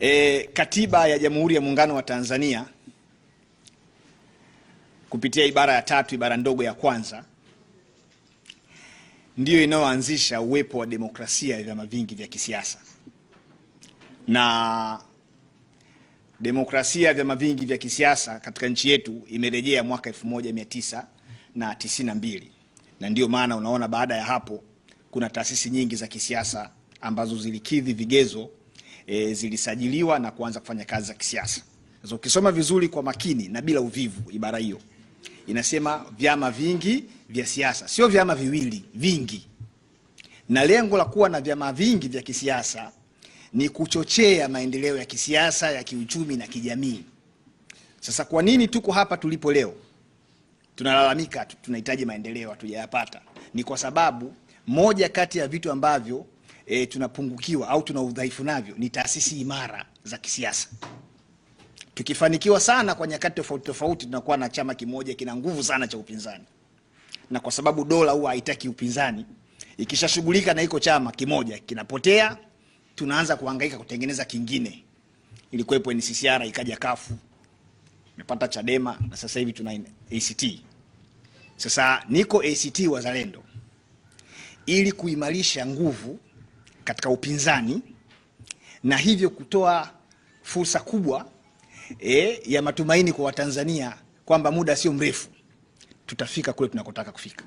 E, katiba ya Jamhuri ya Muungano wa Tanzania kupitia ibara ya tatu ibara ndogo ya kwanza ndiyo inayoanzisha uwepo wa demokrasia ya vyama vingi vya kisiasa, na demokrasia ya vyama vingi vya kisiasa katika nchi yetu imerejea mwaka 1992 na ndiyo maana unaona baada ya hapo kuna taasisi nyingi za kisiasa ambazo zilikidhi vigezo e, zilisajiliwa na kuanza kufanya kazi za kisiasa. Sasa ukisoma vizuri kwa makini na bila uvivu ibara hiyo inasema vyama vingi vya siasa, sio vyama viwili, vingi. Na lengo la kuwa na vyama vingi vya kisiasa ni kuchochea maendeleo ya kisiasa, ya kiuchumi na kijamii. Sasa kwa nini tuko hapa tulipo leo? Tunalalamika tunahitaji maendeleo, hatujayapata. Ni kwa sababu moja kati ya vitu ambavyo e, tunapungukiwa au tuna udhaifu navyo ni taasisi imara za kisiasa. Tukifanikiwa sana kwa nyakati tofauti tofauti, tunakuwa na chama kimoja kina nguvu sana cha upinzani, na kwa sababu dola huwa haitaki upinzani, ikishashughulika na iko chama kimoja kinapotea, tunaanza kuhangaika kutengeneza kingine. Ilikuwepo NCCR, ikaja kafu mepata Chadema na sasa hivi tuna ACT. Sasa niko ACT Wazalendo ili kuimarisha nguvu katika upinzani na hivyo kutoa fursa kubwa e, ya matumaini kwa Watanzania kwamba muda sio mrefu tutafika kule tunakotaka kufika.